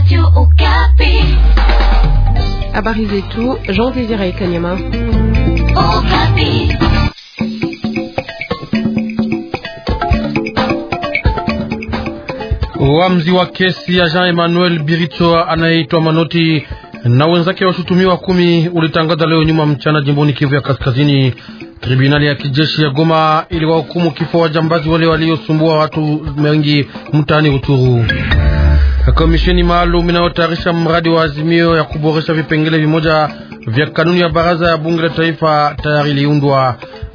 Radio Okapi. Habari zetu Jean Désiré Kanyama. Okapi. Wamzi wa kesi ya Jean Emmanuel biricho anayeitwa Manoti na wenzake washutumiwa kumi ulitangaza leo nyuma mchana jimboni Kivu ya Kaskazini. Tribunali ya kijeshi ya Goma iliwahukumu kifo wajambazi wale waliosumbua watu wengi mtaani Uturu. Komisheni maalum inayotayarisha mradi wa azimio ya kuboresha vipengele vimoja vya kanuni ya baraza ya bunge la taifa tayari iliundwa.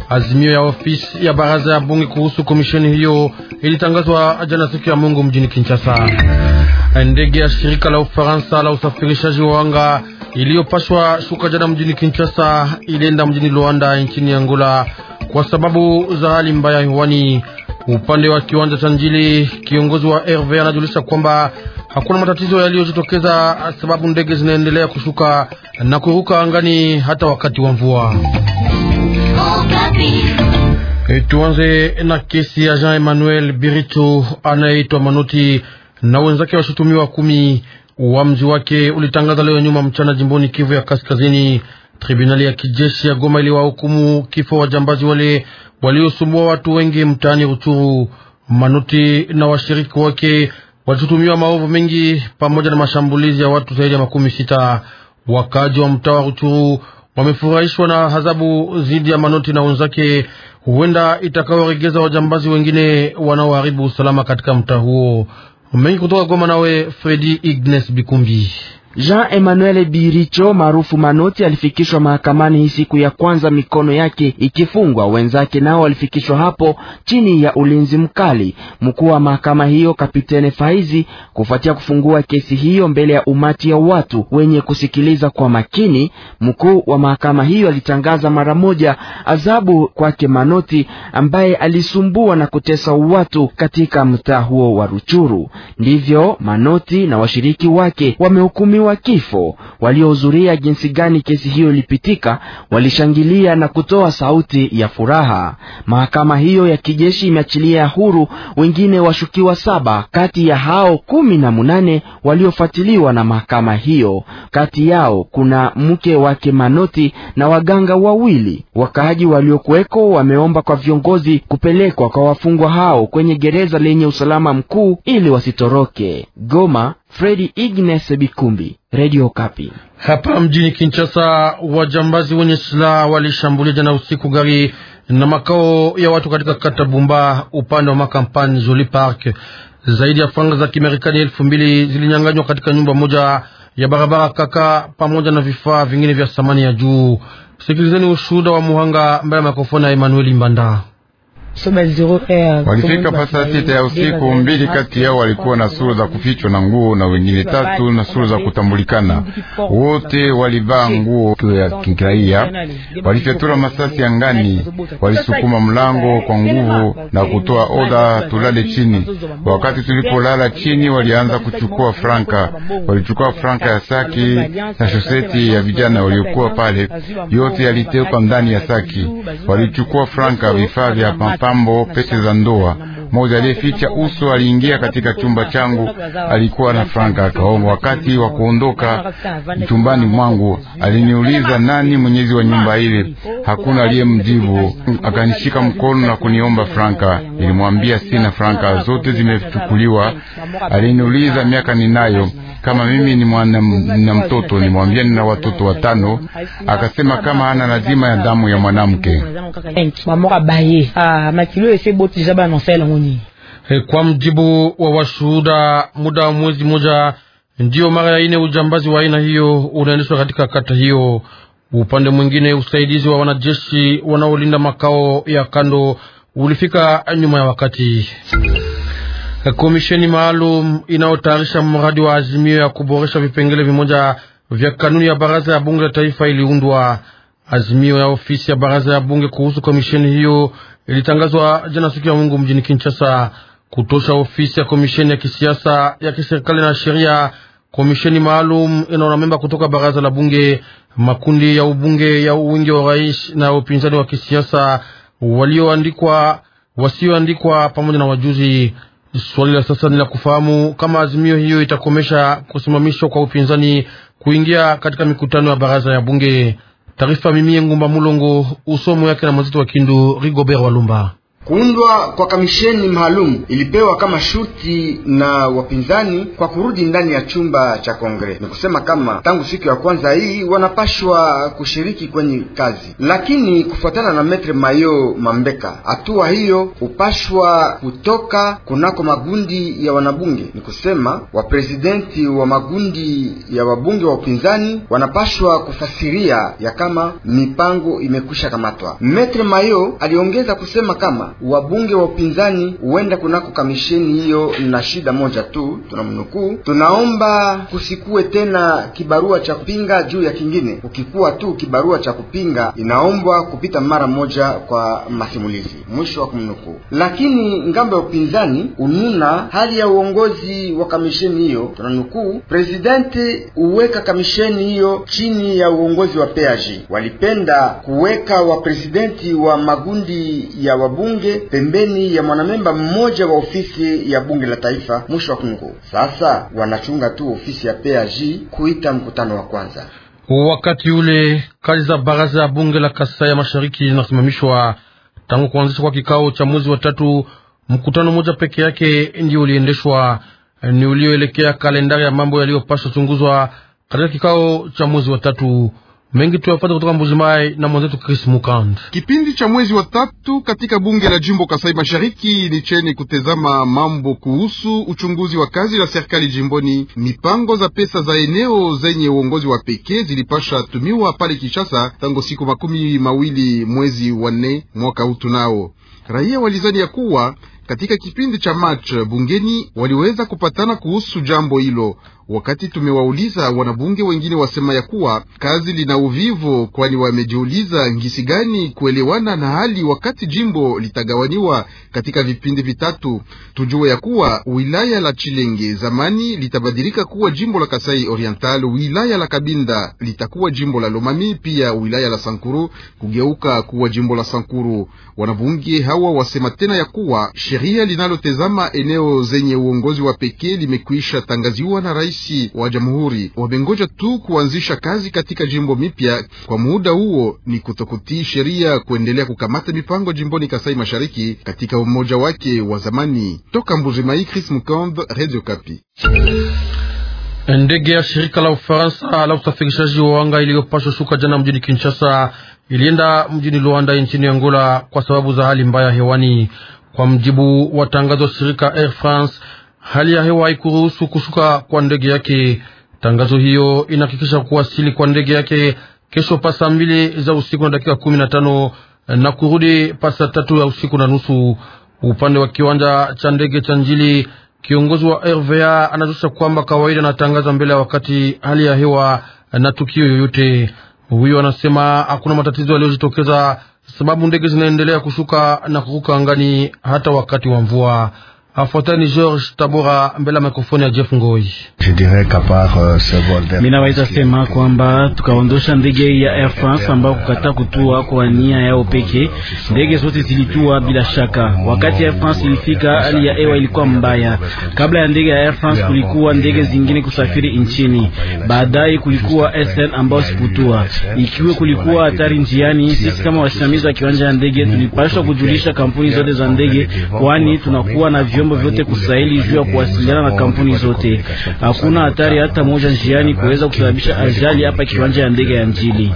Azimio ya ofisi ya baraza ya bunge kuhusu komisheni hiyo ilitangazwa jana siku ya Mungu mjini Kinshasa. Ndege ya shirika la Ufaransa la usafirishaji wa anga iliyopashwa shuka jana mjini Kinshasa ilienda mjini Luanda nchini Angola kwa sababu za hali mbaya hewani. Upande wa kiwanja cha Njili, kiongozi wa RV anajulisha kwamba hakuna matatizo yaliyojitokeza, sababu ndege zinaendelea kushuka na kuruka angani hata wakati wa mvua. E, tuanze na kesi ya Jean Emmanuel Biricho anayeitwa Manoti na wenzake washutumiwa kumi. Uamuzi wake ulitangaza leo nyuma mchana jimboni Kivu ya Kaskazini. Tribunali ya kijeshi ya Goma iliwahukumu kifo wajambazi wale waliosumbua watu wengi mtaani Ruchuru. Manoti na washiriki wake walituhumiwa maovu mengi pamoja na mashambulizi ya watu zaidi ya makumi sita. Wakaji wa mtaa wa Ruchuru wamefurahishwa na hadhabu dhidi ya Manoti na wenzake, huenda itakayoregeza wajambazi wengine wanaoharibu usalama katika mtaa huo. Mengi kutoka Goma, nawe Fredi Ignes Bikumbi. Jean Emmanuel Biricho maarufu Manoti alifikishwa mahakamani hii siku ya kwanza, mikono yake ikifungwa. Wenzake nao walifikishwa hapo chini ya ulinzi mkali. Mkuu wa mahakama hiyo Kapitene Faizi, kufuatia kufungua kesi hiyo mbele ya umati ya watu wenye kusikiliza kwa makini, mkuu wa mahakama hiyo alitangaza mara moja adhabu kwake Manoti ambaye alisumbua na kutesa watu katika mtaa huo wa Ruchuru. Ndivyo Manoti na washiriki wake wamehukumiwa wa kifo waliohudhuria jinsi gani kesi hiyo ilipitika walishangilia na kutoa sauti ya furaha. Mahakama hiyo ya kijeshi imeachilia huru wengine washukiwa saba kati ya hao kumi na munane waliofuatiliwa na mahakama hiyo. Kati yao kuna mke wake Manoti na waganga wawili. Wakaaji waliokuweko wameomba kwa viongozi kupelekwa kwa wafungwa hao kwenye gereza lenye usalama mkuu ili wasitoroke. Goma, Fredi Ignes Bikumbi, Radio Kapi. Hapa mjini Kinshasa, wajambazi wenye silaha walishambulia jana usiku gari na makao ya watu katika kata Bumba upande wa makampani Joli Park. Zaidi ya franga za Kimarekani elfu mbili zilinyanganywa katika nyumba moja ya barabara Kaka pamoja na vifaa vingine vya thamani ya juu. Sikilizeni ushuhuda wa muhanga mbele ya mikrofoni ya Emmanuel Mbanda walifika pasa sita ya usiku. Mbili kati yao walikuwa na sura za kufichwa na nguo na wengine tatu na sura za kutambulikana. Wote walivaa nguo ya kiraia. Walifyatura masasi angani, walisukuma mlango kwa nguvu na kutoa oda tulale chini. Wakati tulipolala chini, walianza kuchukua franka. Walichukua franka ya saki na shoseti ya vijana waliokuwa pale, yote yaliteuka ndani ya saki. Walichukua franka, vifaa vya mapambo, pete za ndoa. Mmoja aliyeficha uso aliingia katika chumba changu, alikuwa na franka akaomba. Wakati wa kuondoka chumbani mwangu, aliniuliza nani mwenyezi wa nyumba ile. Hakuna aliyemjibu, akanishika mkono na kuniomba franka. Nilimwambia sina franka, zote zimechukuliwa. Aliniuliza miaka ninayo kama mimi ni mwana na mtoto, nimwambia na watoto watano, akasema kama ana lazima ya damu ya mwanamke. Ah, eh, kwa mjibu wa washuhuda, muda wa mwezi mmoja ndiyo mara ya ine ujambazi wa aina hiyo unaendeshwa katika kata hiyo. Upande mwingine, usaidizi wa wanajeshi wanaolinda makao ya kando ulifika nyuma ya wakati. Komisheni maalum inayotayarisha mradi wa azimio ya kuboresha vipengele vimoja vya kanuni ya baraza ya bunge la taifa iliundwa. Azimio ya ofisi ya baraza ya bunge kuhusu komisheni hiyo ilitangazwa jana siku ya Mungu mjini Kinshasa. Kutosha ofisi ya komisheni ya kisiasa ya kiserikali na sheria, komisheni maalum inaona memba kutoka baraza la bunge, makundi ya ubunge ya uwingi wa rais na upinzani wa kisiasa, walioandikwa, wasioandikwa pamoja na wajuzi Swali la sasa ni la kufahamu kama azimio hiyo itakomesha kusimamishwa kwa upinzani kuingia katika mikutano ya baraza ya bunge. Taarifa mimi Ngumba Mulongo, usomo yake na mwenzetu wa Kindu Rigobert Walumba. Kuundwa kwa kamisheni maalum ilipewa kama shuti na wapinzani kwa kurudi ndani ya chumba cha Kongre. Ni kusema kama tangu siku ya kwanza hii wanapashwa kushiriki kwenye kazi, lakini kufuatana na Metre Mayo Mambeka, hatua hiyo hupashwa kutoka kunako magundi ya wanabunge. Ni kusema waprezidenti wa magundi ya wabunge wa upinzani wanapashwa kufasiria ya kama mipango imekwisha kamatwa. Metre Mayo aliongeza kusema kama wabunge wa upinzani huenda kunako kamisheni hiyo na shida moja tu, tunamnukuu: tunaomba kusikue tena kibarua cha kupinga juu ya kingine. Ukikuwa tu kibarua cha kupinga, inaombwa kupita mara moja kwa masimulizi, mwisho wa kumnukuu. Lakini ngambo ya upinzani ununa hali ya uongozi wa kamisheni hiyo, tunanukuu: presidenti uweka kamisheni hiyo chini ya uongozi wa PAG, walipenda kuweka presidenti wa magundi ya wabunge bunge pembeni ya mwanamemba mmoja wa ofisi ya bunge la taifa mwisho wa kungu. Sasa wanachunga tu ofisi ya PAG kuita mkutano wa kwanza. Wakati ule kazi za baraza ya bunge la Kasai ya Mashariki zinasimamishwa tangu kuanzishwa kwa kikao cha mwezi wa tatu. Mkutano mmoja peke yake ndio uliendeshwa, ni ulioelekea kalendari ya mambo yaliyopaswa chunguzwa katika kikao cha mwezi wa tatu. Mengi tuyafata kutoka Mbujimai na mwenzetu Chris Mukand. Kipindi cha mwezi wa tatu katika bunge la jimbo Kasai Mashariki ni cheni kutezama mambo kuhusu uchunguzi wa kazi la serikali jimboni. Mipango za pesa za eneo zenye uongozi wa pekee zilipasha tumiwa pale kishasa tangu siku makumi mawili mwezi wa nne mwaka huu. nao raia walizani ya kuwa katika kipindi cha match bungeni waliweza kupatana kuhusu jambo hilo. Wakati tumewauliza wanabunge wengine, wasema ya kuwa kazi lina uvivu, kwani wamejiuliza ngisi gani kuelewana na hali wakati jimbo litagawaniwa katika vipindi vitatu. Tujue ya kuwa wilaya la Chilenge zamani litabadilika kuwa jimbo la Kasai Oriental, wilaya la Kabinda litakuwa jimbo la Lomami, pia wilaya la Sankuru kugeuka kuwa jimbo la Sankuru. Wanabunge hawa wasema tena ya kuwa sheria linalotezama eneo zenye uongozi wa pekee limekwisha tangaziwa na rais rais wa jamhuri Wamengoja tu kuanzisha kazi katika jimbo mipya kwa muda huo, ni kutokutii sheria kuendelea kukamata mipango jimboni Kasai Mashariki katika umoja wake wa zamani. Toka Mbujimai, Chris Mkonde, Radio Kapi. Ndege ya shirika la Ufaransa la usafirishaji wa wanga iliyopashwa shuka jana mjini Kinshasa ilienda mjini Luanda nchini Angola kwa sababu za hali mbaya hewani, kwa mjibu wa tangazo shirika Air France hali ya hewa haikuruhusu kushuka kwa ndege yake. Tangazo hiyo inahakikisha kuwasili kwa ndege yake kesho pasa mbili za usiku na dakika kumi na tano na kurudi pasa tatu ya usiku na nusu upande wa kiwanja cha ndege cha Njili. Kiongozi wa RVA anazosha kwamba kawaida anatangaza mbele ya wakati hali ya hewa na tukio yoyote. Huyo anasema hakuna matatizo yaliyojitokeza, sababu ndege zinaendelea kushuka na kuruka angani hata wakati wa mvua. Afuatani George Tabora mbele ya mikrofoni ya Jeff Ngoi. Euh, Minaweza sema euh, kwamba tukaondosha ndege ya Air euh, France ambayo kukataa kutua kwa nia yao peke. Ndege zote zilitua bila shaka. Wakati Air France ilifika, hali ya hewa ilikuwa mbaya. Kabla ya ndege ya Air France kulikuwa ndege zingine kusafiri nchini, baadaye kulikuwa SN ambayo sikutua. Ikiwa kulikuwa hatari njiani, sisi kama wasimamizi wa kiwanja ya ndege tulipaswa kujulisha kampuni zote za ndege, kwani tunakuwa na vyo vyombo vyote kusaili juu ya kuwasiliana na kampuni zote. Hakuna hatari hata moja njiani kuweza kusababisha ajali hapa kiwanja ya ndege ya Njili.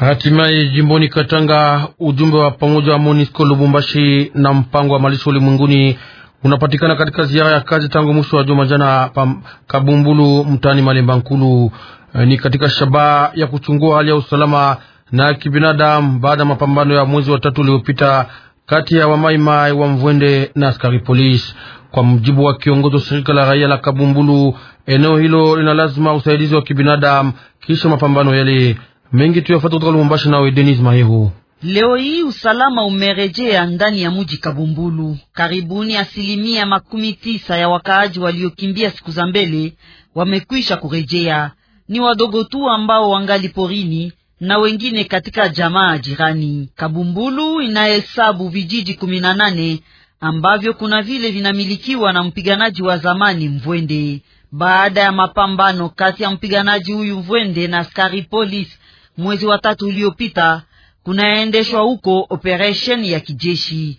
Hatimaye jimboni Katanga, ujumbe wa pamoja wa MONUSCO Lubumbashi na mpango wa malisho ulimwenguni unapatikana katika ziara ya kazi tangu mwisho wa juma jana pa Kabumbulu mtaani Malemba Nkulu. Eh, ni katika shabaha ya kuchungua hali ya usalama na kibinadamu baada ya mapambano ya mwezi wa tatu uliopita kati ya wamaimai wa Mvwende na askari polisi. Kwa mjibu wa kiongozi wa shirika la raia la Kabumbulu, eneo hilo lina lazima usaidizi wa kibinadamu kisha mapambano yale mengi. tuyafata kutoka Lubumbashi, nawe Denis Mahehu. Leo hii usalama umerejea ndani ya muji Kabumbulu. Karibuni asilimia makumi tisa ya wakaaji waliokimbia siku za mbele wamekwisha kurejea. Ni wadogo tu ambao wangali porini na wengine katika jamaa jirani. Kabumbulu inahesabu vijiji kumi na nane ambavyo kuna vile vinamilikiwa na mpiganaji wa zamani Mvwende. Baada ya mapambano kati ya mpiganaji huyu Mvwende na askari polisi mwezi wa tatu uliopita, kunaendeshwa huko operation ya kijeshi.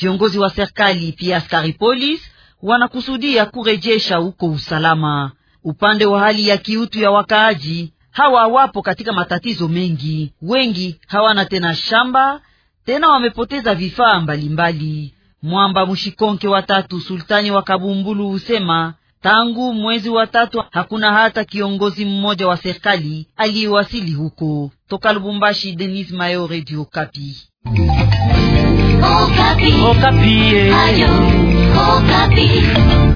Viongozi wa serikali pia askari polisi wanakusudia kurejesha huko usalama. Upande wa hali ya kiutu ya wakaaji hawa wapo katika matatizo mengi, wengi hawana tena shamba, tena wamepoteza vifaa mbalimbali. Mwamba Mushikonke watatu sultani wa Kabumbulu husema tangu mwezi wa tatu hakuna hata kiongozi mmoja wa serikali aliyewasili huko. Toka Lubumbashi, Denis Mayo, Radio Kapi. Okapi. Okapi. Ayo, Okapi. Eh.